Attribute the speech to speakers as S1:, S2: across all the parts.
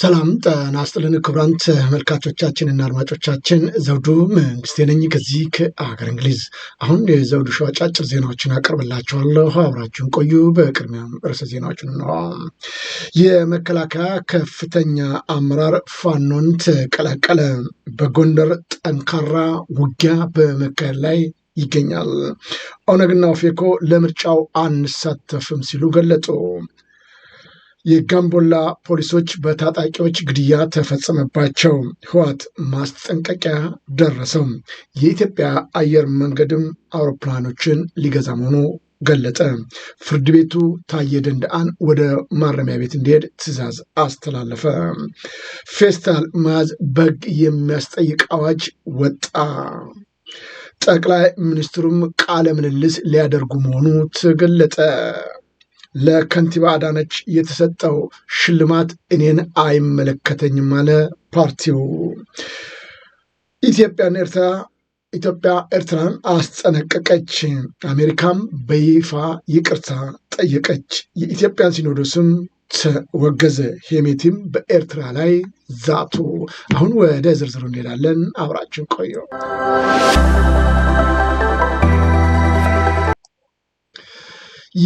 S1: ሰላም ጤና ይስጥልን ክቡራን ተመልካቾቻችንና አድማጮቻችን ዘውዱ መንግስቴ ነኝ ከዚህ ከአገር እንግሊዝ። አሁን የዘውዱ ሾው አጫጭር ዜናዎችን አቀርብላችኋለሁ፣ አብራችሁን ቆዩ። በቅድሚያም ርዕሰ ዜናዎችን ነው። የመከላከያ ከፍተኛ አመራር ፋኖን ተቀላቀለ። በጎንደር ጠንካራ ውጊያ በመካሄድ ላይ ይገኛል። ኦነግና ኦፌኮ ለምርጫው አንሳተፍም ሲሉ ገለጡ። የጋምቦላ ፖሊሶች በታጣቂዎች ግድያ ተፈጸመባቸው። ህወሓት ማስጠንቀቂያ ደረሰው። የኢትዮጵያ አየር መንገድም አውሮፕላኖችን ሊገዛ መሆኑ ገለጠ። ፍርድ ቤቱ ታዬ ደንደአን ወደ ማረሚያ ቤት እንዲሄድ ትዕዛዝ አስተላለፈ። ፌስታል መያዝ በግ የሚያስጠይቅ አዋጅ ወጣ። ጠቅላይ ሚኒስትሩም ቃለ ምልልስ ሊያደርጉ መሆኑ ተገለጠ። ለከንቲባ አዳነች የተሰጠው ሽልማት እኔን አይመለከተኝም አለ ፓርቲው። ኢትዮጵያን ኤርትራ ኢትዮጵያ ኤርትራን አስጠነቀቀች። አሜሪካም በይፋ ይቅርታ ጠየቀች። የኢትዮጵያን ሲኖዶስም ተወገዘ። ሄሜቲም በኤርትራ ላይ ዛቱ። አሁን ወደ ዝርዝሩ እንሄዳለን። አብራችን ቆየው።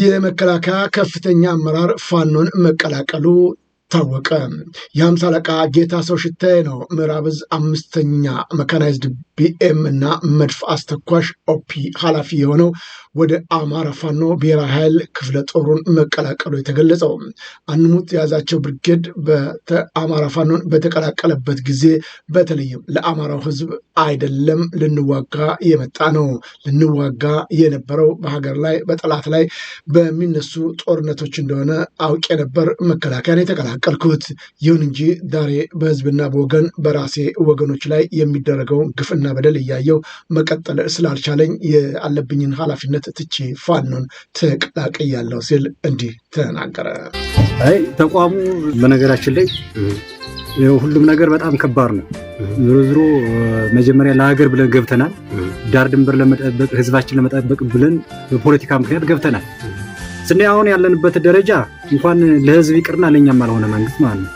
S1: የመከላከያ ከፍተኛ አመራር ፋኖን መቀላቀሉ ታወቀ። የሀምሳ አለቃ ጌታ ሰው ሽታዬ ነው ምዕራብ ምዕራብዝ አምስተኛ መካናይዝድ ቢኤም እና መድፍ አስተኳሽ ኦፒ ኃላፊ የሆነው ወደ አማራ ፋኖ ብሔራዊ ኃይል ክፍለ ጦሩን መቀላቀሉ የተገለጸው አንሙት የያዛቸው ብርጌድ አማራ ፋኖን በተቀላቀለበት ጊዜ በተለይም ለአማራው ሕዝብ አይደለም ልንዋጋ የመጣ ነው ልንዋጋ የነበረው በሀገር ላይ በጠላት ላይ በሚነሱ ጦርነቶች እንደሆነ አውቄ ነበር መከላከያን የተቀላቀልኩት። ይሁን እንጂ ዛሬ በሕዝብና በወገን በራሴ ወገኖች ላይ የሚደረገውን ግፍና በደል እያየው መቀጠል ስላልቻለኝ ያለብኝን ኃላፊነት ትቼ ፋኖን ተቀላቅያለሁ ሲል እንዲህ ተናገረ።
S2: አይ ተቋሙ በነገራችን ላይ ሁሉም ነገር በጣም ከባድ ነው። ዝሮ ዝሮ መጀመሪያ ለሀገር ብለን ገብተናል። ዳር ድንበር ለመጠበቅ ህዝባችን ለመጠበቅ ብለን በፖለቲካ ምክንያት ገብተናል። ስና አሁን ያለንበት ደረጃ እንኳን ለህዝብ ይቅርና ለእኛም አልሆነ መንግስት ማለት ነው።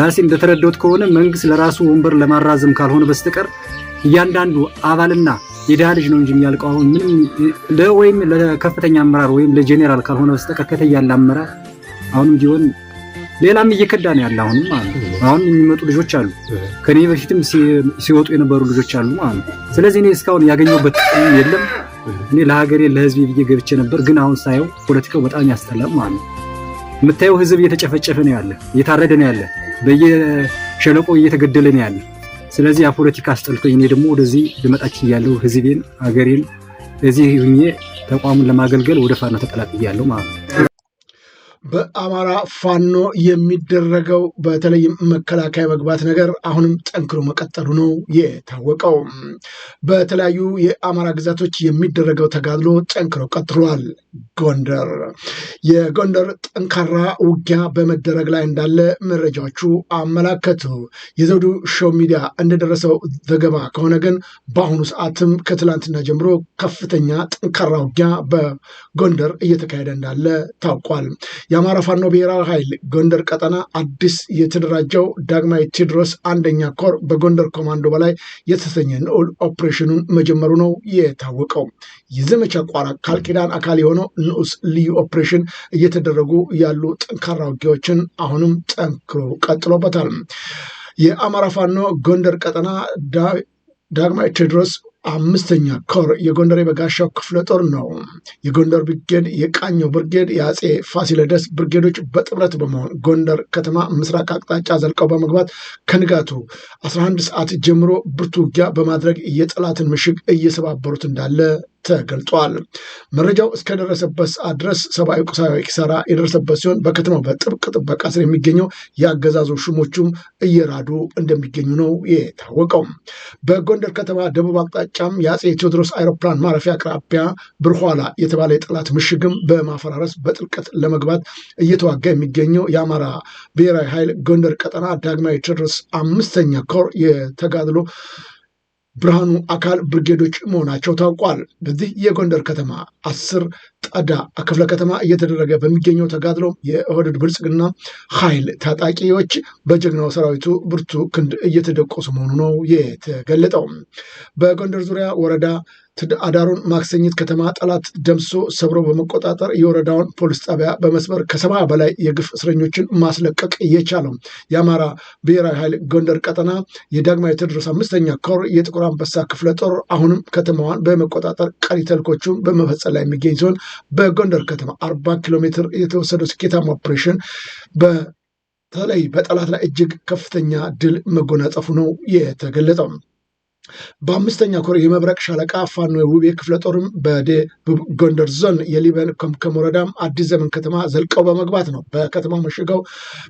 S2: ራሴ እንደተረዳሁት ከሆነ መንግስት ለራሱ ወንበር ለማራዘም ካልሆነ በስተቀር እያንዳንዱ አባልና የድሃ ልጅ ነው እንጂ የሚያልቀው። አሁን ምንም ወይም ለከፍተኛ አመራር ወይም ለጄኔራል ካልሆነ በስተቀር ከተ ያለ አመራር አሁንም ቢሆን ሌላም እየከዳ ነው ያለ። አሁንም አሁን የሚመጡ ልጆች አሉ፣ ከኔ በፊትም ሲወጡ የነበሩ ልጆች አሉ ማለት ነው። ስለዚህ እኔ እስካሁን ያገኘሁበት የለም። እኔ ለሀገሬ ለህዝብ ብዬ ገብቼ ነበር፣ ግን አሁን ሳየው ፖለቲካው በጣም ያስጠላል ማለት ነው። የምታየው ህዝብ እየተጨፈጨፈ ነው ያለ፣ እየታረደ ነው ያለ፣ በየሸለቆ እየተገደለ ነው ያለ። ስለዚህ የፖለቲካ ፖለቲካ አስጠልቶኝ እኔ ደግሞ ወደዚህ ልመጣች እያለሁ ህዝቤን አገሬን እዚህ ሁኜ ተቋሙን ለማገልገል ወደ ፋኖ ተቀላቅያለሁ ማለት ነው።
S1: በአማራ ፋኖ የሚደረገው በተለይም መከላከያ መግባት ነገር አሁንም ጠንክሮ መቀጠሉ ነው የታወቀው። በተለያዩ የአማራ ግዛቶች የሚደረገው ተጋድሎ ጠንክሮ ቀጥሏል። ጎንደር የጎንደር ጠንካራ ውጊያ በመደረግ ላይ እንዳለ መረጃዎቹ አመላከቱ። የዘውዱ ሾው ሚዲያ እንደደረሰው ዘገባ ከሆነ ግን በአሁኑ ሰዓትም ከትላንትና ጀምሮ ከፍተኛ ጠንካራ ውጊያ በጎንደር እየተካሄደ እንዳለ ታውቋል። የአማራ ፋኖ ብሔራዊ ኃይል ጎንደር ቀጠና አዲስ የተደራጀው ዳግማዊ ቴዎድሮስ አንደኛ ኮር በጎንደር ኮማንዶ በላይ የተሰኘ ንዑል ኦፕሬሽኑን መጀመሩ ነው የታወቀው። የዘመቻ ቋራ ካልኪዳን አካል የሆነው ንዑስ ልዩ ኦፕሬሽን እየተደረጉ ያሉ ጠንካራ ውጊያዎችን አሁንም ጠንክሮ ቀጥሎበታል። የአማራ ፋኖ ጎንደር ቀጠና ዳግማዊ ቴዎድሮስ አምስተኛ ኮር የጎንደር የበጋሻው ክፍለ ጦር ነው። የጎንደር ብርጌድ፣ የቃኘው ብርጌድ፣ የአጼ ፋሲለደስ ብርጌዶች በጥምረት በመሆን ጎንደር ከተማ ምስራቅ አቅጣጫ ዘልቀው በመግባት ከንጋቱ 11 ሰዓት ጀምሮ ብርቱ ውጊያ በማድረግ የጠላትን ምሽግ እየሰባበሩት እንዳለ ተገልጿል። መረጃው እስከደረሰበት ሰዓት ድረስ ሰብአዊ ቁሳዊ ኪሳራ የደረሰበት ሲሆን በከተማው በጥብቅ ጥበቃ ስር የሚገኘው የአገዛዙ ሹሞቹም እየራዱ እንደሚገኙ ነው የታወቀው። በጎንደር ከተማ ደቡብ አቅጣጫም የአጼ ቴዎድሮስ አይሮፕላን ማረፊያ አቅራቢያ ብርኋላ የተባለ የጠላት ምሽግም በማፈራረስ በጥልቀት ለመግባት እየተዋጋ የሚገኘው የአማራ ብሔራዊ ኃይል ጎንደር ቀጠና ዳግማዊ ቴዎድሮስ አምስተኛ ኮር የተጋድሎ ብርሃኑ አካል ብርጌዶች መሆናቸው ታውቋል። በዚህ የጎንደር ከተማ አስር ጠዳ ክፍለ ከተማ እየተደረገ በሚገኘው ተጋድሎ የኦህዴድ ብልጽግና ኃይል ታጣቂዎች በጀግናው ሰራዊቱ ብርቱ ክንድ እየተደቆሱ መሆኑ ነው የተገለጠው። በጎንደር ዙሪያ ወረዳ አዳሩን ማክሰኝት ከተማ ጠላት ደምሶ ሰብሮ በመቆጣጠር የወረዳውን ፖሊስ ጣቢያ በመስበር ከሰባ በላይ የግፍ እስረኞችን ማስለቀቅ የቻለው የአማራ ብሔራዊ ኃይል ጎንደር ቀጠና የዳግማዊ ቴዎድሮስ አምስተኛ ኮር የጥቁር አንበሳ ክፍለ ጦር አሁንም ከተማዋን በመቆጣጠር ቀሪ ተልኮቹን በመፈጸም ላይ የሚገኝ ሲሆን በጎንደር ከተማ አርባ ኪሎ ሜትር የተወሰደው ስኬታማ ኦፕሬሽን በተለይ በጠላት ላይ እጅግ ከፍተኛ ድል መጎናጸፉ ነው የተገለጠው። በአምስተኛ ኮር የመብረቅ ሻለቃ ፋኖ ውቤ ክፍለ ጦርም በደቡብ ጎንደር ዞን የሊበን ከምከም ወረዳም አዲስ ዘመን ከተማ ዘልቀው በመግባት ነው በከተማው መሽገው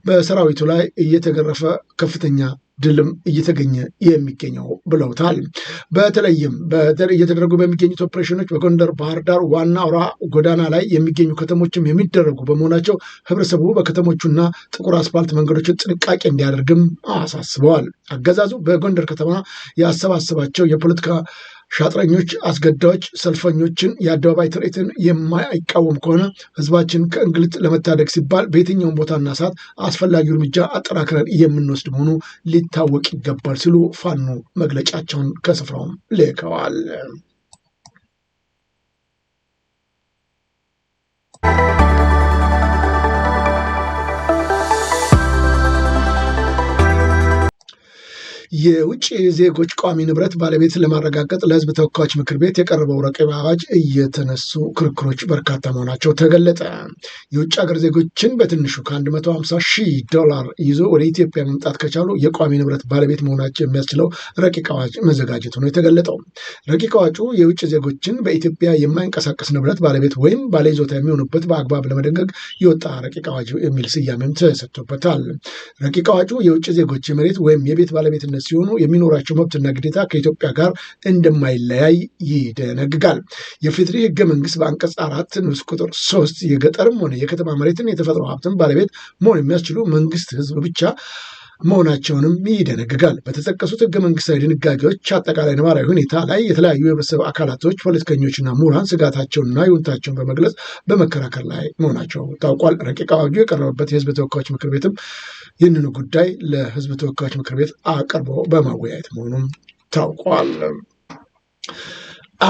S1: በሰራዊቱ ላይ እየተገረፈ ከፍተኛ ድልም እየተገኘ የሚገኘው ብለውታል። በተለይም እየተደረጉ በሚገኙት ኦፕሬሽኖች በጎንደር ባህር ዳር ዋና አውራ ጎዳና ላይ የሚገኙ ከተሞችም የሚደረጉ በመሆናቸው ህብረተሰቡ በከተሞቹና ጥቁር አስፋልት መንገዶችን ጥንቃቄ እንዲያደርግም አሳስበዋል። አገዛዙ በጎንደር ከተማ ያሰባሰባቸው የፖለቲካ ሻጥረኞች፣ አስገዳዮች ሰልፈኞችን፣ የአደባባይ ትርኢትን የማይቃወም ከሆነ ህዝባችን ከእንግልት ለመታደግ ሲባል በየትኛውም ቦታና ሰዓት አስፈላጊው እርምጃ አጠናክረን የምንወስድ መሆኑ ሊታወቅ ይገባል ሲሉ ፋኖ መግለጫቸውን ከስፍራውም ልከዋል። you የውጭ ዜጎች ቋሚ ንብረት ባለቤት ለማረጋገጥ ለህዝብ ተወካዮች ምክር ቤት የቀረበው ረቂቅ አዋጅ እየተነሱ ክርክሮች በርካታ መሆናቸው ተገለጠ። የውጭ ሀገር ዜጎችን በትንሹ ከ150 ሺህ ዶላር ይዞ ወደ ኢትዮጵያ መምጣት ከቻሉ የቋሚ ንብረት ባለቤት መሆናቸው የሚያስችለው ረቂቅ አዋጅ መዘጋጀቱ ነው የተገለጠው። ረቂቅ አዋጁ የውጭ ዜጎችን በኢትዮጵያ የማይንቀሳቀስ ንብረት ባለቤት ወይም ባለይዞታ የሚሆኑበት በአግባብ ለመደንገግ የወጣ ረቂቅ አዋጅ የሚል ስያሜም ተሰጥቶበታል። ረቂቅ አዋጁ የውጭ ዜጎች የመሬት ወይም የቤት ባለቤትነት ነጻነት ሲሆኑ የሚኖራቸው መብትና ግዴታ ከኢትዮጵያ ጋር እንደማይለያይ ይደነግጋል። የፌትሪ ህገ መንግስት በአንቀጽ አራት ንዑስ ቁጥር ሶስት የገጠርም ሆነ የከተማ መሬትን የተፈጥሮ ሀብትን ባለቤት መሆን የሚያስችሉ መንግስት ህዝብ ብቻ መሆናቸውንም ይደነግጋል። በተጠቀሱት ህገ መንግስታዊ ድንጋጌዎች አጠቃላይ ነባራዊ ሁኔታ ላይ የተለያዩ የህብረተሰብ አካላቶች ፖለቲከኞችና ምሁራን ስጋታቸውንና ይሁንታቸውን በመግለጽ በመከራከር ላይ መሆናቸው ታውቋል። ረቂቅ አዋጁ የቀረበበት የህዝብ ተወካዮች ምክር ቤትም ይህንኑ ጉዳይ ለህዝብ ተወካዮች ምክር ቤት አቅርቦ በማወያየት መሆኑም ታውቋል።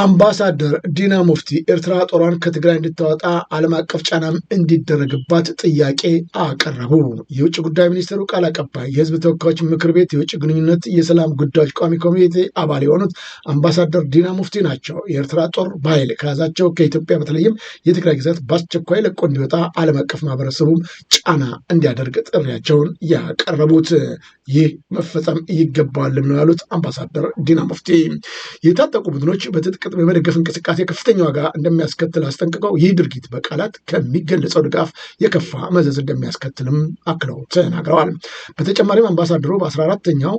S1: አምባሳደር ዲና ሙፍቲ ኤርትራ ጦሯን ከትግራይ እንድታወጣ ዓለም አቀፍ ጫናም እንዲደረግባት ጥያቄ አቀረቡ። የውጭ ጉዳይ ሚኒስትሩ ቃል አቀባይ የህዝብ ተወካዮች ምክር ቤት የውጭ ግንኙነት የሰላም ጉዳዮች ቋሚ ኮሚቴ አባል የሆኑት አምባሳደር ዲና ሙፍቲ ናቸው። የኤርትራ ጦር በኃይል ከያዛቸው ከኢትዮጵያ በተለይም የትግራይ ግዛት በአስቸኳይ ለቆ እንዲወጣ ዓለም አቀፍ ማህበረሰቡም ጫና እንዲያደርግ ጥሪያቸውን ያቀረቡት ይህ መፈጸም ይገባዋልም ያሉት አምባሳደር ዲና ሙፍቲ የታጠቁ ቡድኖች በቅጥቅጥ የመደገፍ እንቅስቃሴ ከፍተኛ ዋጋ እንደሚያስከትል አስጠንቅቀው ይህ ድርጊት በቃላት ከሚገለጸው ድጋፍ የከፋ መዘዝ እንደሚያስከትልም አክለው ተናግረዋል። በተጨማሪም አምባሳደሩ በ14ተኛው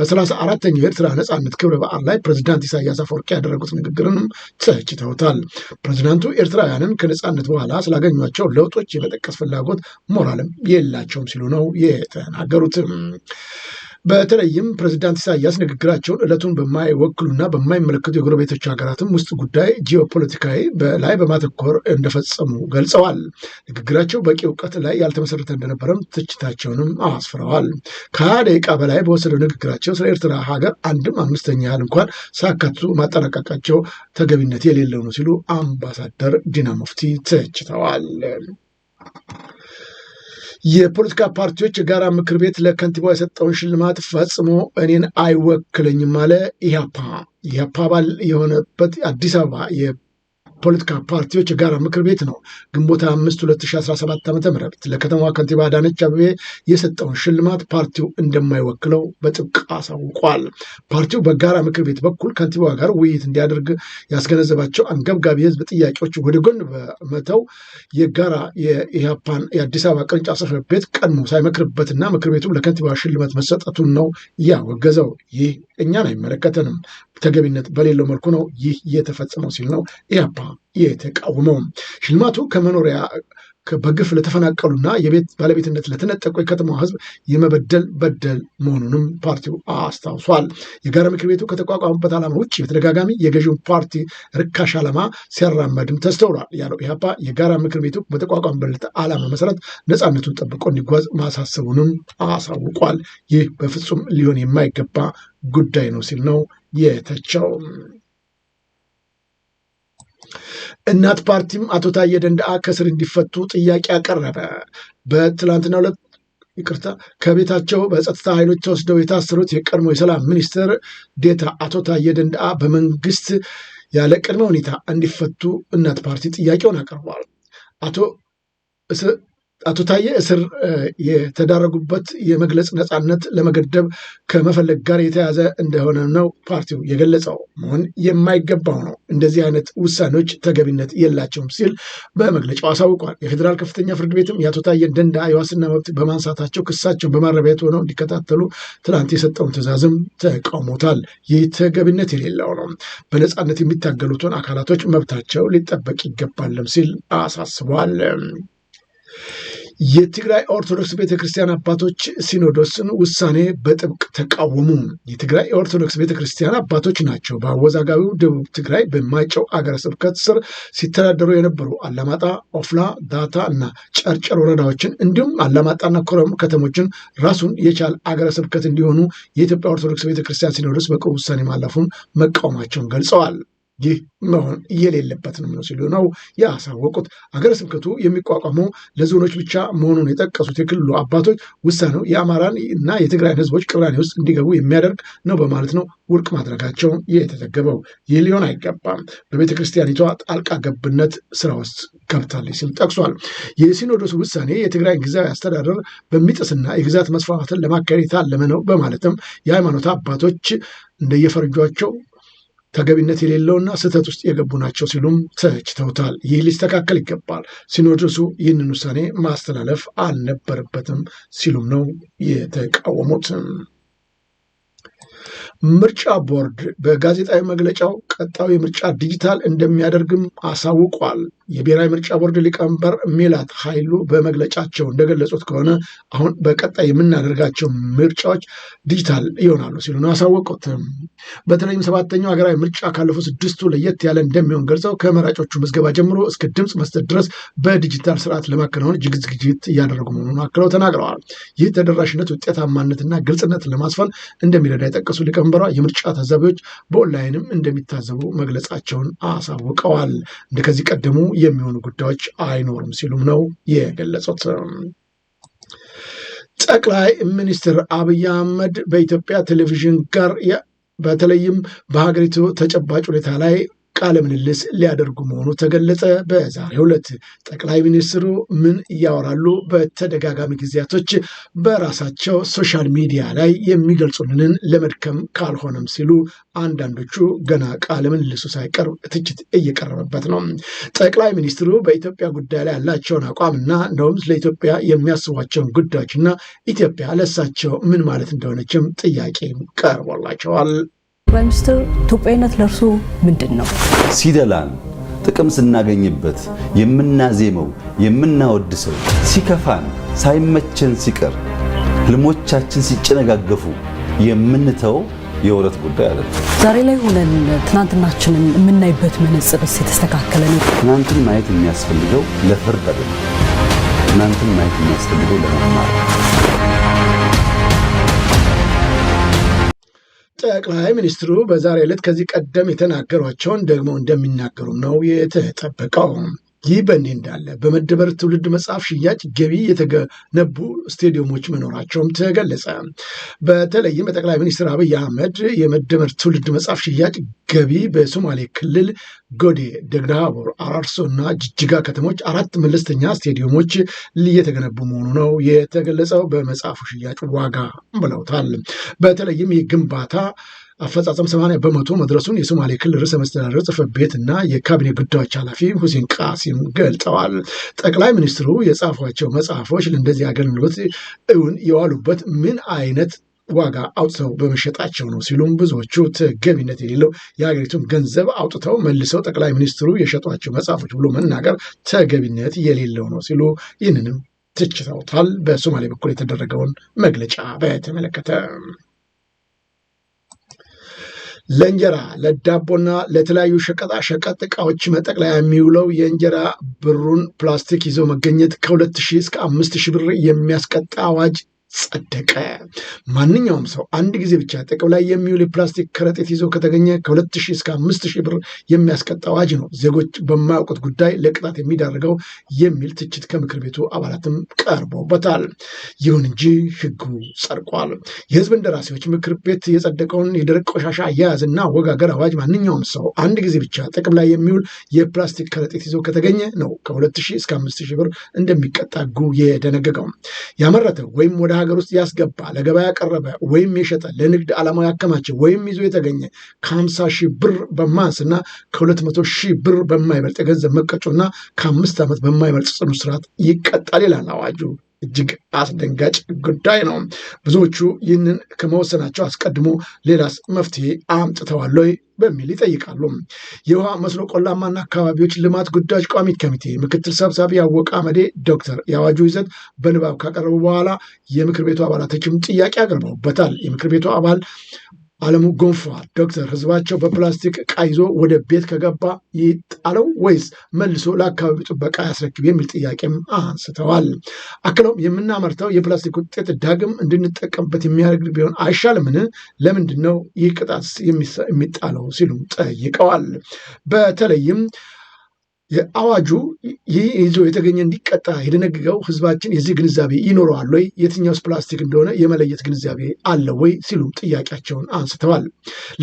S1: በሰላሳ አራተኛው የኤርትራ ነፃነት ክብረ በዓል ላይ ፕሬዚዳንት ኢሳያስ አፈወርቂ ያደረጉት ንግግርንም ተችተውታል። ፕሬዚዳንቱ ኤርትራውያንን ከነፃነት በኋላ ስላገኟቸው ለውጦች የመጠቀስ ፍላጎት ሞራልም የላቸውም ሲሉ ነው የተናገሩትም። በተለይም ፕሬዚዳንት ኢሳያስ ንግግራቸውን እለቱን በማይወክሉና በማይመለከቱ የጎረቤቶች ሀገራትም ውስጥ ጉዳይ ጂኦፖለቲካዊ ላይ በማተኮር እንደፈጸሙ ገልጸዋል። ንግግራቸው በቂ እውቀት ላይ ያልተመሰረተ እንደነበረም ትችታቸውንም አስፍረዋል። ከሀያ ደቂቃ በላይ በወሰደው ንግግራቸው ስለ ኤርትራ ሀገር አንድም አምስተኛ ያህል እንኳን ሳካቱ ማጠናቀቃቸው ተገቢነት የሌለው ነው ሲሉ አምባሳደር ዲና ሙፍቲ ተችተዋል። የፖለቲካ ፓርቲዎች የጋራ ምክር ቤት ለከንቲባ የሰጠውን ሽልማት ፈጽሞ እኔን አይወክለኝም አለ ኢህአፓ። ኢህአፓ አባል የሆነበት አዲስ አበባ ፖለቲካ ፓርቲዎች የጋራ ምክር ቤት ነው ግንቦት አምስት 2017 ዓ ም ለከተማዋ ከንቲባ አዳነች አቤቤ የሰጠውን ሽልማት ፓርቲው እንደማይወክለው በጥብቅ አሳውቋል። ፓርቲው በጋራ ምክር ቤት በኩል ከንቲባዋ ጋር ውይይት እንዲያደርግ ያስገነዘባቸው አንገብጋቢ የህዝብ ጥያቄዎች ወደ ጎን በመተው የጋራ የኢህአፓን የአዲስ አበባ ቅርንጫፍ ጽሕፈት ቤት ቀድሞ ሳይመክርበትና ምክር ቤቱም ለከንቲባ ሽልማት መሰጠቱን ነው ያወገዘው ይህ እኛን አይመለከተንም፣ ተገቢነት በሌለው መልኩ ነው ይህ እየተፈጸመው ሲል ነው ኢህአፓ የተቃወመው። ሽልማቱ ከመኖሪያ በግፍ ለተፈናቀሉና የቤት ባለቤትነት ለተነጠቁ የከተማ ህዝብ የመበደል በደል መሆኑንም ፓርቲው አስታውሷል። የጋራ ምክር ቤቱ ከተቋቋሙበት ዓላማ ውጭ በተደጋጋሚ የገዢውን ፓርቲ ርካሽ ዓላማ ሲያራመድም ተስተውሏል ያለው ኢህአፓ የጋራ ምክር ቤቱ በተቋቋመበት ዓላማ መሰረት ነፃነቱን ጠብቆ እንዲጓዝ ማሳሰቡንም አሳውቋል። ይህ በፍጹም ሊሆን የማይገባ ጉዳይ ነው ሲል ነው የተቸው። እናት ፓርቲም አቶ ታዬ ደንዳአ ከስር እንዲፈቱ ጥያቄ አቀረበ። በትላንትና ሁለት ይቅርታ ከቤታቸው በጸጥታ ኃይሎች ተወስደው የታሰሩት የቀድሞ የሰላም ሚኒስትር ዴታ አቶ ታዬ ደንዳአ በመንግስት ያለ ቅድመ ሁኔታ እንዲፈቱ እናት ፓርቲ ጥያቄውን አቅርቧል። አቶ አቶ ታዬ እስር የተዳረጉበት የመግለጽ ነፃነት ለመገደብ ከመፈለግ ጋር የተያዘ እንደሆነ ነው ፓርቲው የገለጸው። መሆን የማይገባው ነው፣ እንደዚህ አይነት ውሳኔዎች ተገቢነት የላቸውም ሲል በመግለጫው አሳውቋል። የፌዴራል ከፍተኛ ፍርድ ቤትም የአቶ ታዬን ደንዳ የዋስና መብት በማንሳታቸው ክሳቸው በማረሚያ ቤት ሆነው እንዲከታተሉ ትናንት የሰጠውን ትዕዛዝም ተቃውሞታል። ይህ ተገቢነት የሌለው ነው፣ በነፃነት የሚታገሉትን አካላቶች መብታቸው ሊጠበቅ ይገባልም ሲል አሳስቧል። የትግራይ ኦርቶዶክስ ቤተክርስቲያን አባቶች ሲኖዶስን ውሳኔ በጥብቅ ተቃወሙ። የትግራይ ኦርቶዶክስ ቤተክርስቲያን አባቶች ናቸው በአወዛጋቢው ደቡብ ትግራይ በማይጨው አገረ ስብከት ስር ሲተዳደሩ የነበሩ አላማጣ፣ ኦፍላ፣ ዳታ እና ጨርጨር ወረዳዎችን እንዲሁም አላማጣና ኮረም ከተሞችን ራሱን የቻለ አገረ ስብከት እንዲሆኑ የኢትዮጵያ ኦርቶዶክስ ቤተክርስቲያን ሲኖዶስ በቅርቡ ውሳኔ ማለፉን መቃወማቸውን ገልጸዋል። ይህ መሆን የሌለበት ነው ሲሉ ነው ያሳወቁት። አገረ ስብከቱ የሚቋቋመው ለዞኖች ብቻ መሆኑን የጠቀሱት የክልሉ አባቶች ውሳኔው የአማራን እና የትግራይን ህዝቦች ቅራኔ ውስጥ እንዲገቡ የሚያደርግ ነው በማለት ነው ውድቅ ማድረጋቸውን የተዘገበው። ይህ ሊሆን አይገባም፣ በቤተ ክርስቲያኒቷ ጣልቃ ገብነት ስራ ውስጥ ገብታለች ሲል ጠቅሷል። የሲኖዶስ ውሳኔ የትግራይን ጊዜያዊ አስተዳደር በሚጥስና የግዛት መስፋፋትን ለማካሄድ የታለመ ነው በማለትም የሃይማኖት አባቶች እንደየፈርጇቸው ተገቢነት የሌለውና ስህተት ውስጥ የገቡ ናቸው ሲሉም ተችተውታል። ይህ ሊስተካከል ይገባል። ሲኖዶሱ ይህንን ውሳኔ ማስተላለፍ አልነበረበትም ሲሉም ነው የተቃወሙት። ምርጫ ቦርድ በጋዜጣዊ መግለጫው ቀጣዩ ምርጫ ዲጂታል እንደሚያደርግም አሳውቋል። የብሔራዊ ምርጫ ቦርድ ሊቀመንበር ሜላት ኃይሉ በመግለጫቸው እንደገለጹት ከሆነ አሁን በቀጣይ የምናደርጋቸው ምርጫዎች ዲጂታል ይሆናሉ ሲሉ ነው ያሳወቁት። በተለይም ሰባተኛው ሀገራዊ ምርጫ ካለፉት ስድስቱ ለየት ያለ እንደሚሆን ገልጸው ከመራጮቹ ምዝገባ ጀምሮ እስከ ድምፅ መስጠት ድረስ በዲጂታል ስርዓት ለማከናወን እጅግ ዝግጅት እያደረጉ መሆኑን አክለው ተናግረዋል። ይህ ተደራሽነት ውጤታማነትና ግልጽነት ለማስፈን እንደሚረዳ ይጠቀ የጠቀሱ ሊቀመንበሯ የምርጫ ታዛቢዎች በኦንላይንም እንደሚታዘቡ መግለጻቸውን አሳውቀዋል። እንደ ከዚህ ቀደሙ የሚሆኑ ጉዳዮች አይኖርም ሲሉም ነው የገለጹት። ጠቅላይ ሚኒስትር አብይ አህመድ በኢትዮጵያ ቴሌቪዥን ጋር በተለይም በሀገሪቱ ተጨባጭ ሁኔታ ላይ ቃለ ምልልስ ሊያደርጉ መሆኑ ተገለጸ። በዛሬው ዕለት ጠቅላይ ሚኒስትሩ ምን እያወራሉ በተደጋጋሚ ጊዜያቶች በራሳቸው ሶሻል ሚዲያ ላይ የሚገልጹልንን ለመድከም ካልሆነም ሲሉ አንዳንዶቹ ገና ቃለ ምልልሱ ሳይቀርብ ትችት እየቀረበበት ነው። ጠቅላይ ሚኒስትሩ በኢትዮጵያ ጉዳይ ላይ ያላቸውን አቋምና እንደውም ለኢትዮጵያ የሚያስቧቸውን ጉዳዮችና ኢትዮጵያ ለእሳቸው ምን ማለት እንደሆነችም ጥያቄ ቀርቦላቸዋል።
S3: ጠቅላይ ሚኒስትር ኢትዮጵያዊነት ለእርሱ ምንድን ነው?
S4: ሲደላን ጥቅም ስናገኝበት የምናዜመው የምናወድሰው፣ ሲከፋን ሳይመቸን ሲቀር ህልሞቻችን ሲጨነጋገፉ የምንተው የውረት ጉዳይ አለ።
S5: ዛሬ ላይ ሆነን ትናንትናችንን የምናይበት መነጽርስ የተስተካከለ ነው?
S4: ትናንትን ማየት የሚያስፈልገው ለፍርድ አይደለም። ትናንትን ማየት የሚያስፈልገው ለመማር
S1: ጠቅላይ ሚኒስትሩ በዛሬ ዕለት ከዚህ ቀደም የተናገሯቸውን ደግሞ እንደሚናገሩም ነው የተጠበቀው። ይህ በእንዲህ እንዳለ በመደመር ትውልድ መጽሐፍ ሽያጭ ገቢ የተገነቡ ስቴዲየሞች መኖራቸውም ተገለጸ። በተለይም በጠቅላይ ሚኒስትር አብይ አህመድ የመደመር ትውልድ መጽሐፍ ሽያጭ ገቢ በሶማሌ ክልል ጎዴ፣ ደግዳቡር፣ እና ጅጅጋ ከተሞች አራት መለስተኛ ስቴዲየሞች እየተገነቡ መሆኑ ነው የተገለጸው። በመጽሐፉ ሽያጭ ዋጋ ብለውታል። በተለይም የግንባታ ግንባታ አፈጻጸም 80 በመቶ መድረሱን የሶማሌ ክልል ርዕሰ መስተዳደር ጽፈት ቤት እና የካቢኔ ጉዳዮች ኃላፊ ሁሴን ቃሲም ገልጠዋል። ጠቅላይ ሚኒስትሩ የጻፏቸው መጽሐፎች ለእንደዚህ አገልግሎት እውን የዋሉበት ምን አይነት ዋጋ አውጥተው በመሸጣቸው ነው ሲሉም ብዙዎቹ ተገቢነት የሌለው የሀገሪቱን ገንዘብ አውጥተው መልሰው ጠቅላይ ሚኒስትሩ የሸጧቸው መጽሐፎች ብሎ መናገር ተገቢነት የሌለው ነው ሲሉ ይህንንም ትችተውታል። በሶማሌ በኩል የተደረገውን መግለጫ በተመለከተ ለእንጀራ ለዳቦና ለተለያዩ ሸቀጣ ሸቀጥ እቃዎች መጠቅለያ የሚውለው የእንጀራ ብሩን ፕላስቲክ ይዞ መገኘት ከ2000 እስከ 5000 ብር የሚያስቀጣ አዋጅ ጸደቀ። ማንኛውም ሰው አንድ ጊዜ ብቻ ጥቅም ላይ የሚውል የፕላስቲክ ከረጢት ይዞ ከተገኘ ከ ሺህ እስከ አምስት ብር የሚያስቀጣ አዋጅ ነው ዜጎች በማያውቁት ጉዳይ ለቅጣት የሚዳርገው የሚል ትችት ከምክር ቤቱ አባላትም ቀርቦበታል። ይሁን እንጂ ህጉ ጸድቋል። የህዝብ እንደራሴዎች ምክር ቤት የጸደቀውን የደረቅ ቆሻሻ አያያዝና አወጋገር አዋጅ ማንኛውም ሰው አንድ ጊዜ ብቻ ጥቅም ላይ የሚውል የፕላስቲክ ከረጢት ይዞ ከተገኘ ነው ከ ሺህ እስከ አምስት ብር እንደሚቀጣ ህጉ የደነገገው ያመረተው ወይም ወደ ሀገር ውስጥ ያስገባ ለገበያ ያቀረበ ወይም የሸጠ ለንግድ ዓላማው ያከማቸ ወይም ይዞ የተገኘ ከ ሺህ ብር በማያንስ እና ከ200 ሺህ ብር በማይበልጥ የገንዘብ መቀጮና ከአምስት ዓመት በማይበልጥ ጽኑ ስርዓት ይቀጣል ይላል አዋጁ። እጅግ አስደንጋጭ ጉዳይ ነው። ብዙዎቹ ይህንን ከመወሰናቸው አስቀድሞ ሌላስ መፍትሄ አምጥተዋል ወይ በሚል ይጠይቃሉ። የውሃ መስኖ ቆላማና አካባቢዎች ልማት ጉዳዮች ቋሚ ኮሚቴ ምክትል ሰብሳቢ ያወቀ አመዴ ዶክተር የአዋጁ ይዘት በንባብ ካቀረቡ በኋላ የምክር ቤቱ አባላቶችም ጥያቄ አቅርበውበታል። የምክር ቤቱ አባል አለሙ ጎንፋ ዶክተር ህዝባቸው በፕላስቲክ እቃ ይዞ ወደ ቤት ከገባ ይጣለው ወይስ መልሶ ለአካባቢው ጥበቃ ያስረክብ የሚል ጥያቄም አንስተዋል። አክለውም የምናመርተው የፕላስቲክ ውጤት ዳግም እንድንጠቀምበት የሚያደርግ ቢሆን አይሻልምን? ለምንድን ነው ይህ ቅጣት የሚጣለው? ሲሉ ጠይቀዋል። በተለይም አዋጁ ይህ ይዞ የተገኘ እንዲቀጣ የደነግገው ህዝባችን የዚህ ግንዛቤ ይኖረዋል ወይ? የትኛውስ ፕላስቲክ እንደሆነ የመለየት ግንዛቤ አለ ወይ? ሲሉ ጥያቄያቸውን አንስተዋል።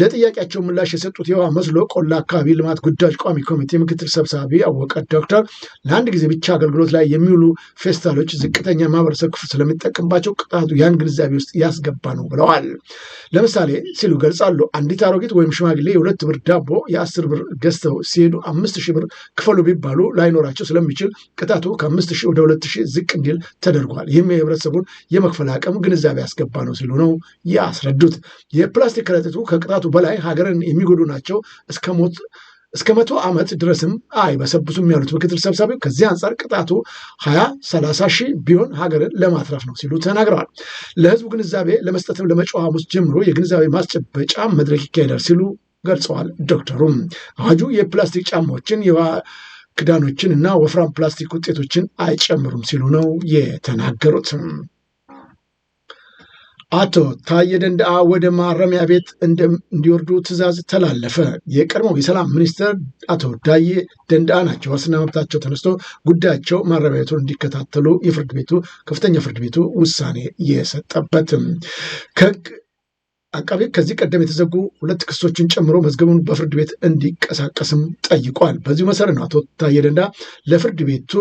S1: ለጥያቄያቸው ምላሽ የሰጡት የውሃ መስሎ ቆላ አካባቢ ልማት ጉዳዮች ቋሚ ኮሚቴ ምክትል ሰብሳቢ አወቀ ዶክተር ለአንድ ጊዜ ብቻ አገልግሎት ላይ የሚውሉ ፌስታሎች ዝቅተኛ ማህበረሰብ ክፍል ስለሚጠቀምባቸው ቅጣቱ ያን ግንዛቤ ውስጥ ያስገባ ነው ብለዋል። ለምሳሌ ሲሉ ገልጻሉ። አንዲት አሮጊት ወይም ሽማግሌ የሁለት ብር ዳቦ የአስር ብር ገዝተው ሲሄዱ አምስት ሺህ ብር ክፈሉ ክፈሉ ቢባሉ ላይኖራቸው ስለሚችል ቅጣቱ ከአምስት ሺህ ወደ ሁለት ሺህ ዝቅ እንዲል ተደርጓል። ይህም የህብረተሰቡን የመክፈል አቅም ግንዛቤ ያስገባ ነው ሲሉ ነው ያስረዱት። የፕላስቲክ ከረጢቱ ከቅጣቱ በላይ ሀገርን የሚጎዱ ናቸው እስከ ሞት እስከ መቶ ዓመት ድረስም አይበሰብሱም ያሉት ምክትል ሰብሳቢው ከዚህ አንጻር ቅጣቱ ሀያ ሰላሳ ሺህ ቢሆን ሀገርን ለማትረፍ ነው ሲሉ ተናግረዋል። ለህዝቡ ግንዛቤ ለመስጠትም ለመጪው ሐሙስ ጀምሮ የግንዛቤ ማስጨበጫ መድረክ ይካሄዳል ሲሉ ገልጸዋል። ዶክተሩም አዋጁ የፕላስቲክ ጫማዎችን የውሃ ክዳኖችን እና ወፍራም ፕላስቲክ ውጤቶችን አይጨምሩም ሲሉ ነው የተናገሩት። አቶ ታዬ ደንደአ ወደ ማረሚያ ቤት እንዲወርዱ ትዕዛዝ ተላለፈ። የቀድሞው የሰላም ሚኒስትር አቶ ታዬ ደንደዓ ናቸው። ዋስትና መብታቸው ተነስቶ ጉዳያቸው ማረሚያ ቤቱን እንዲከታተሉ የፍርድ ቤቱ ከፍተኛ ፍርድ ቤቱ ውሳኔ የሰጠበት ከህግ አቃቢ ከዚህ ቀደም የተዘጉ ሁለት ክሶችን ጨምሮ መዝገቡን በፍርድ ቤት እንዲቀሳቀስም ጠይቋል። በዚሁ መሰረት ነው አቶ ታዬ ደንዳ ለፍርድ ቤቱ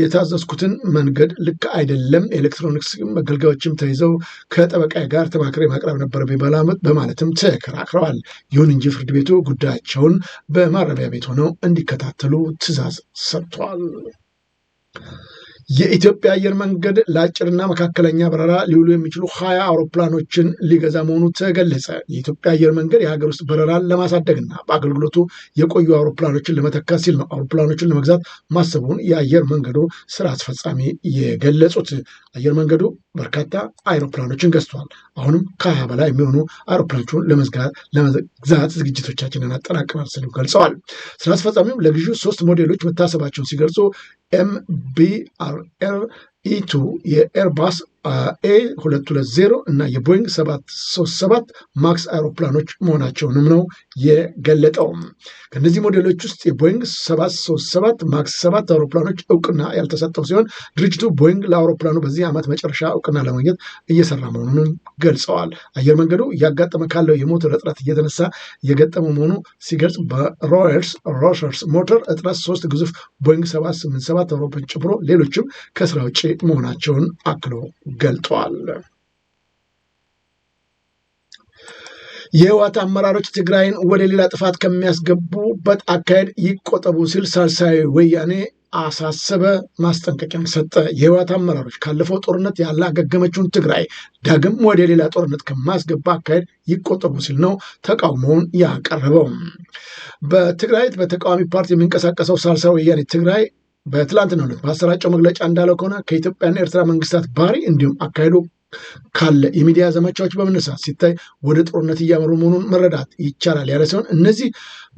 S1: የታዘዝኩትን መንገድ ልክ አይደለም፣ ኤሌክትሮኒክስ መገልገያዎችም ተይዘው ከጠበቃ ጋር ተማክሬ ማቅረብ ነበረ በማለትም ተከራክረዋል። ይሁን እንጂ ፍርድ ቤቱ ጉዳያቸውን በማረሚያ ቤት ሆነው እንዲከታተሉ ትዕዛዝ ሰጥቷል። የኢትዮጵያ አየር መንገድ ለአጭርና መካከለኛ በረራ ሊውሉ የሚችሉ ሀያ አውሮፕላኖችን ሊገዛ መሆኑ ተገለጸ። የኢትዮጵያ አየር መንገድ የሀገር ውስጥ በረራን ለማሳደግና በአገልግሎቱ የቆዩ አውሮፕላኖችን ለመተካት ሲል ነው አውሮፕላኖችን ለመግዛት ማሰቡን የአየር መንገዱ ስራ አስፈጻሚ የገለጹት። አየር መንገዱ በርካታ አይሮፕላኖችን ገዝቷል። አሁንም ከሀያ በላይ የሚሆኑ አውሮፕላኖችን ለመግዛት ዝግጅቶቻችንን አጠናቅናል ሲሉ ገልጸዋል። ስራ አስፈጻሚውም ለግዢ ሶስት ሞዴሎች መታሰባቸውን ሲገልጹ ኤምቢአርኤል ኢቱ የኤርባስ ኤ 220 እና የቦይንግ 737 ማክስ አውሮፕላኖች መሆናቸውንም ነው የገለጠው። ከእነዚህ ሞዴሎች ውስጥ የቦይንግ 737 ማክስ 7 አውሮፕላኖች እውቅና ያልተሰጠው ሲሆን ድርጅቱ ቦይንግ ለአውሮፕላኑ በዚህ ዓመት መጨረሻ እውቅና ለማግኘት እየሰራ መሆኑንም ገልጸዋል። አየር መንገዱ እያጋጠመ ካለው የሞተር እጥረት እየተነሳ እየገጠመ መሆኑ ሲገልጽ በሮየርስ ሮሸርስ ሞተር እጥረት ሶስት ግዙፍ ቦይንግ 787 አውሮፕላኖችን ጨምሮ ሌሎችም ከስራ ውጭ መሆናቸውን አክሎ ገልጠዋል። የህወሓት አመራሮች ትግራይን ወደ ሌላ ጥፋት ከሚያስገቡበት አካሄድ ይቆጠቡ ሲል ሳልሳዊ ወያኔ አሳሰበ። ማስጠንቀቂያም ሰጠ። የህወሓት አመራሮች ካለፈው ጦርነት ያላገገመችውን ትግራይ ዳግም ወደ ሌላ ጦርነት ከማያስገባ አካሄድ ይቆጠቡ ሲል ነው ተቃውሞውን ያቀረበው። በትግራይ በተቃዋሚ ፓርቲ የሚንቀሳቀሰው ሳልሳዊ ወያኔ ትግራይ በትላንትና ሁለት በአሰራጨው መግለጫ እንዳለው ከሆነ ከኢትዮጵያና ኤርትራ መንግስታት ባህሪ እንዲሁም አካሄዱ ካለ የሚዲያ ዘመቻዎች በመነሳት ሲታይ ወደ ጦርነት እያመሩ መሆኑን መረዳት ይቻላል ያለ ሲሆን እነዚህ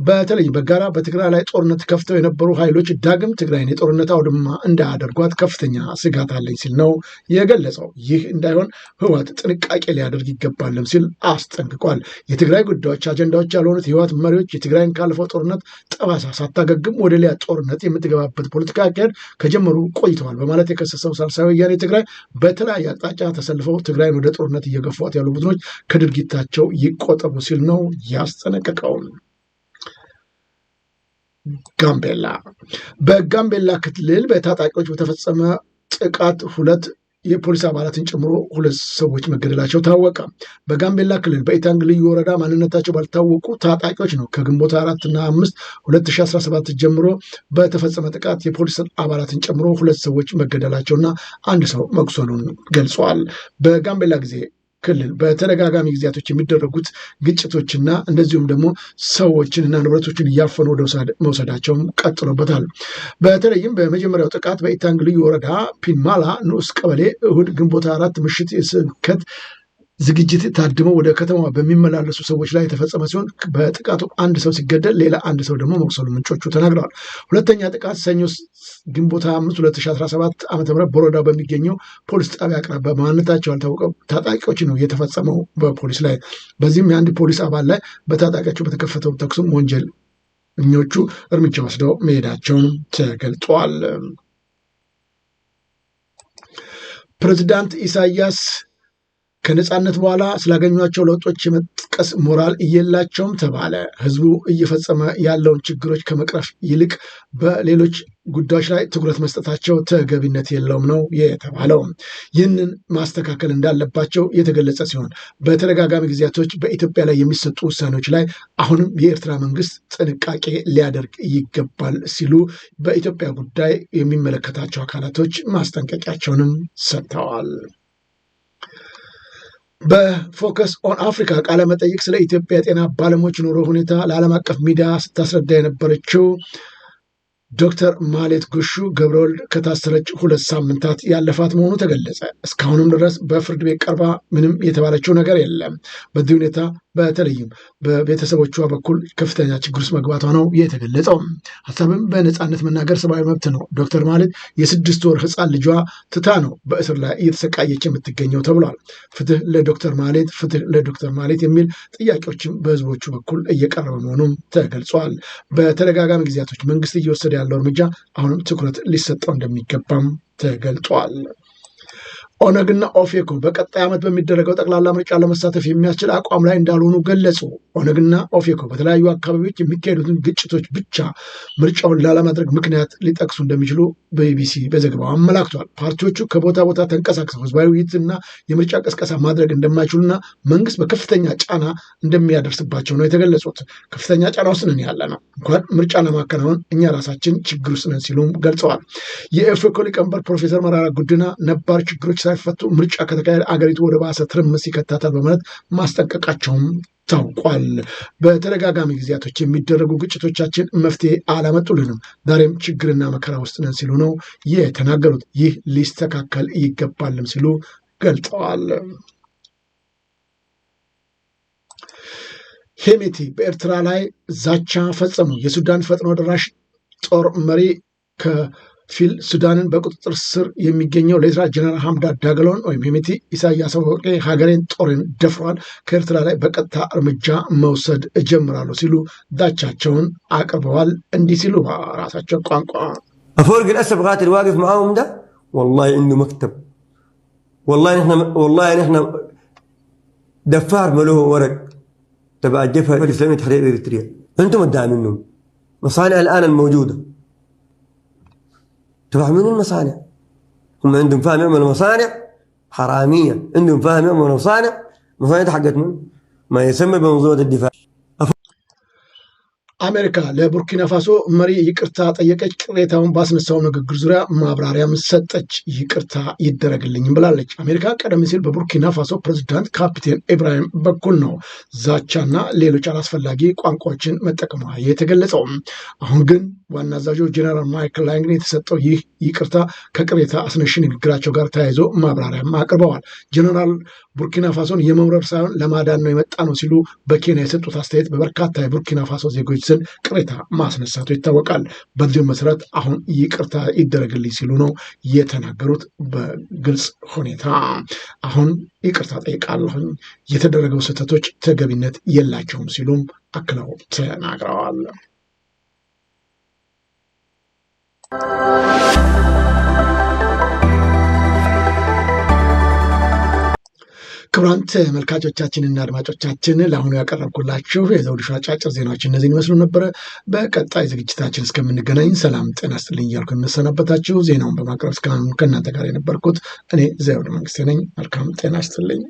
S1: በተለይ በጋራ በትግራይ ላይ ጦርነት ከፍተው የነበሩ ኃይሎች ዳግም ትግራይን የጦርነት አውድማ እንዳያደርጓት ከፍተኛ ስጋት አለኝ ሲል ነው የገለጸው። ይህ እንዳይሆን ህወሓት ጥንቃቄ ሊያደርግ ይገባልም ሲል አስጠንቅቋል። የትግራይ ጉዳዮች አጀንዳዎች ያልሆኑት የህወሓት መሪዎች የትግራይን ካለፈው ጦርነት ጠባሳ ሳታገግም ወደ ሌላ ጦርነት የምትገባበት ፖለቲካ አካሄድ ከጀመሩ ቆይተዋል በማለት የከሰሰው ሳልሳይ ወያኔ ትግራይ በተለያየ አቅጣጫ ተሰልፈው ትግራይን ወደ ጦርነት እየገፏት ያሉ ቡድኖች ከድርጊታቸው ይቆጠቡ ሲል ነው ያስጠነቀቀው። ጋምቤላ በጋምቤላ ክልል በታጣቂዎች በተፈጸመ ጥቃት ሁለት የፖሊስ አባላትን ጨምሮ ሁለት ሰዎች መገደላቸው ታወቀ። በጋምቤላ ክልል በኢታንግ ልዩ ወረዳ ማንነታቸው ባልታወቁ ታጣቂዎች ነው ከግንቦት አራት እና አምስት 2017 ጀምሮ በተፈጸመ ጥቃት የፖሊስ አባላትን ጨምሮ ሁለት ሰዎች መገደላቸውና አንድ ሰው መቁሰሉን ገልጿል። በጋምቤላ ጊዜ ክልል በተደጋጋሚ ጊዜያቶች የሚደረጉት ግጭቶችና እንደዚሁም ደግሞ ሰዎችንና ንብረቶችን እያፈኑ ወደ መውሰዳቸውም ቀጥሎበታል። በተለይም በመጀመሪያው ጥቃት በኢታንግ ልዩ ወረዳ ፒንማላ ንዑስ ቀበሌ እሁድ ግንቦት አራት ምሽት የስብከት ዝግጅት ታድመው ወደ ከተማ በሚመላለሱ ሰዎች ላይ የተፈጸመ ሲሆን በጥቃቱ አንድ ሰው ሲገደል ሌላ አንድ ሰው ደግሞ መቁሰሉ ምንጮቹ ተናግረዋል። ሁለተኛ ጥቃት ሰኞ ግንቦት 5 2017 ዓ ም በወረዳ በሚገኘው ፖሊስ ጣቢያ አቅራቢያ በማንነታቸው ያልታወቀው ታጣቂዎች ነው የተፈጸመው በፖሊስ ላይ። በዚህም የአንድ ፖሊስ አባል ላይ በታጣቂያቸው በተከፈተው ተኩስም ወንጀል እኞቹ እርምጃ ወስደው መሄዳቸውን ተገልጧል። ፕሬዚዳንት ኢሳያስ ከነፃነት በኋላ ስላገኟቸው ለውጦች የመጥቀስ ሞራል እየላቸውም ተባለ። ህዝቡ እየፈጸመ ያለውን ችግሮች ከመቅረፍ ይልቅ በሌሎች ጉዳዮች ላይ ትኩረት መስጠታቸው ተገቢነት የለውም ነው የተባለው። ይህንን ማስተካከል እንዳለባቸው የተገለጸ ሲሆን በተደጋጋሚ ጊዜያቶች በኢትዮጵያ ላይ የሚሰጡ ውሳኔዎች ላይ አሁንም የኤርትራ መንግስት ጥንቃቄ ሊያደርግ ይገባል ሲሉ በኢትዮጵያ ጉዳይ የሚመለከታቸው አካላቶች ማስጠንቀቂያቸውንም ሰጥተዋል። በፎከስ ኦን አፍሪካ ቃለ መጠይቅ ስለ ኢትዮጵያ ጤና ባለሙያዎች ኑሮ ሁኔታ ለዓለም አቀፍ ሚዲያ ስታስረዳ የነበረችው ዶክተር ማሌት ጉሹ ገብረወልድ ከታሰረች ሁለት ሳምንታት ያለፋት መሆኑ ተገለጸ። እስካሁንም ድረስ በፍርድ ቤት ቀርባ ምንም የተባለችው ነገር የለም። በዚህ ሁኔታ በተለይም በቤተሰቦቿ በኩል ከፍተኛ ችግር ውስጥ መግባቷ ነው የተገለጸው። ሀሳብም በነፃነት መናገር ሰብአዊ መብት ነው። ዶክተር ማለት የስድስት ወር ህፃን ልጇ ትታ ነው በእስር ላይ እየተሰቃየች የምትገኘው ተብሏል። ፍትህ ለዶክተር ማለት ፍትህ ለዶክተር ማለት የሚል ጥያቄዎችም በህዝቦቹ በኩል እየቀረበ መሆኑም ተገልጿል። በተደጋጋሚ ጊዜያቶች መንግስት እየወሰደ ያለው እርምጃ አሁንም ትኩረት ሊሰጠው እንደሚገባም ተገልጧል። ኦነግና ኦፌኮ በቀጣይ ዓመት በሚደረገው ጠቅላላ ምርጫ ለመሳተፍ የሚያስችል አቋም ላይ እንዳልሆኑ ገለጹ። ኦነግና ኦፌኮ በተለያዩ አካባቢዎች የሚካሄዱትን ግጭቶች ብቻ ምርጫውን ላለማድረግ ምክንያት ሊጠቅሱ እንደሚችሉ በቢቢሲ በዘገባው አመላክቷል። ፓርቲዎቹ ከቦታ ቦታ ተንቀሳቅሰው ህዝባዊ ውይይትና የምርጫ ቀስቀሳ ማድረግ እንደማይችሉና መንግስት በከፍተኛ ጫና እንደሚያደርስባቸው ነው የተገለጹት። ከፍተኛ ጫና ውስጥ ነን ያለ ነው፣ እንኳን ምርጫ ለማከናወን እኛ ራሳችን ችግር ውስጥ ነን ሲሉም ገልጸዋል። የኦፌኮ ሊቀመንበር ፕሮፌሰር መራራ ጉድና ነባር ችግሮች ሳይፈቱ ምርጫ ከተካሄደ አገሪቱ ወደ ባሰ ትርምስ ይከታታል በማለት ማስጠንቀቃቸውም ታውቋል። በተደጋጋሚ ጊዜያቶች የሚደረጉ ግጭቶቻችን መፍትሄ አላመጡልንም፣ ዛሬም ችግርና መከራ ውስጥ ነን ሲሉ ነው የተናገሩት። ይህ ሊስተካከል ይገባልም ሲሉ ገልጠዋል። ሄሜቲ በኤርትራ ላይ ዛቻ ፈጸሙ። የሱዳን ፈጥኖ ደራሽ ጦር መሪ ፊል ሱዳንን በቁጥጥር ስር የሚገኘው ለኤርትራ ጀነራል ሀምዳ ዳገሎን ወይም ሄሜቲ ኢሳያስ አፈወርቂ ሀገሬን ጦርን ደፍሯል፣ ከኤርትራ ላይ በቀጥታ እርምጃ መውሰድ እጀምራሉ ሲሉ ዛቻቸውን አቅርበዋል። እንዲህ ሲሉ ራሳቸው ቋንቋ
S6: አፈወርቂ الأسد قاتل واقف معاهم ده والله عنده مكتب والله نحن والله نحن دفار ما له ورق تبع الجبهه الاسلاميه التحرير الاريتريه انتم الداعي منهم مصانع الان الموجوده تفهمون المصانع هم عندهم فهم يعملوا مصانع حرامية عندهم فهم يعملوا مصانع مصانع حقت من ما يسمى بمنظومة الدفاع
S1: አሜሪካ ለቡርኪና ፋሶ መሪ ይቅርታ ጠየቀች። ቅሬታውን ባስነሳው ንግግር ዙሪያ ማብራሪያም ሰጠች። ይቅርታ ይደረግልኝም ብላለች። አሜሪካ ቀደም ሲል በቡርኪና ፋሶ ፕሬዚዳንት ካፕቴን ኢብራሂም በኩል ነው ዛቻና ሌሎች አላስፈላጊ ቋንቋዎችን መጠቀሟ የተገለጸው። አሁን ግን ዋና አዛዡ ጀነራል ማይክል ላንግን የተሰጠው ይህ ይቅርታ ከቅሬታ አስነሽ ንግግራቸው ጋር ተያይዞ ማብራሪያም አቅርበዋል። ጀነራል ቡርኪና ፋሶን የመውረር ሳይሆን ለማዳን ነው የመጣ ነው ሲሉ በኬንያ የሰጡት አስተያየት በበርካታ የቡርኪና ፋሶ ዜጎች ስል ቅሬታ ማስነሳቱ ይታወቃል። በዚሁ መሰረት አሁን ይቅርታ ይደረግልኝ ሲሉ ነው የተናገሩት። በግልጽ ሁኔታ አሁን ይቅርታ ጠይቃለሁኝ፣ የተደረገው ስህተቶች ተገቢነት የላቸውም ሲሉም አክለው ተናግረዋል። ክቡራን ተመልካቾቻችንና አድማጮቻችን ለአሁኑ ያቀረብኩላችሁ የዘውዱ ሾው አጫጭር ዜናዎች እነዚህን ይመስሉ ነበረ። በቀጣይ ዝግጅታችን እስከምንገናኝ ሰላም ጤና ይስጥልኝ እያልኩ የምሰናበታችሁ ዜናውን በማቅረብ እስካሁን ከእናንተ ጋር የነበርኩት እኔ ዘውዱ መንግስቴ ነኝ። መልካም ጤና ይስጥልኝ።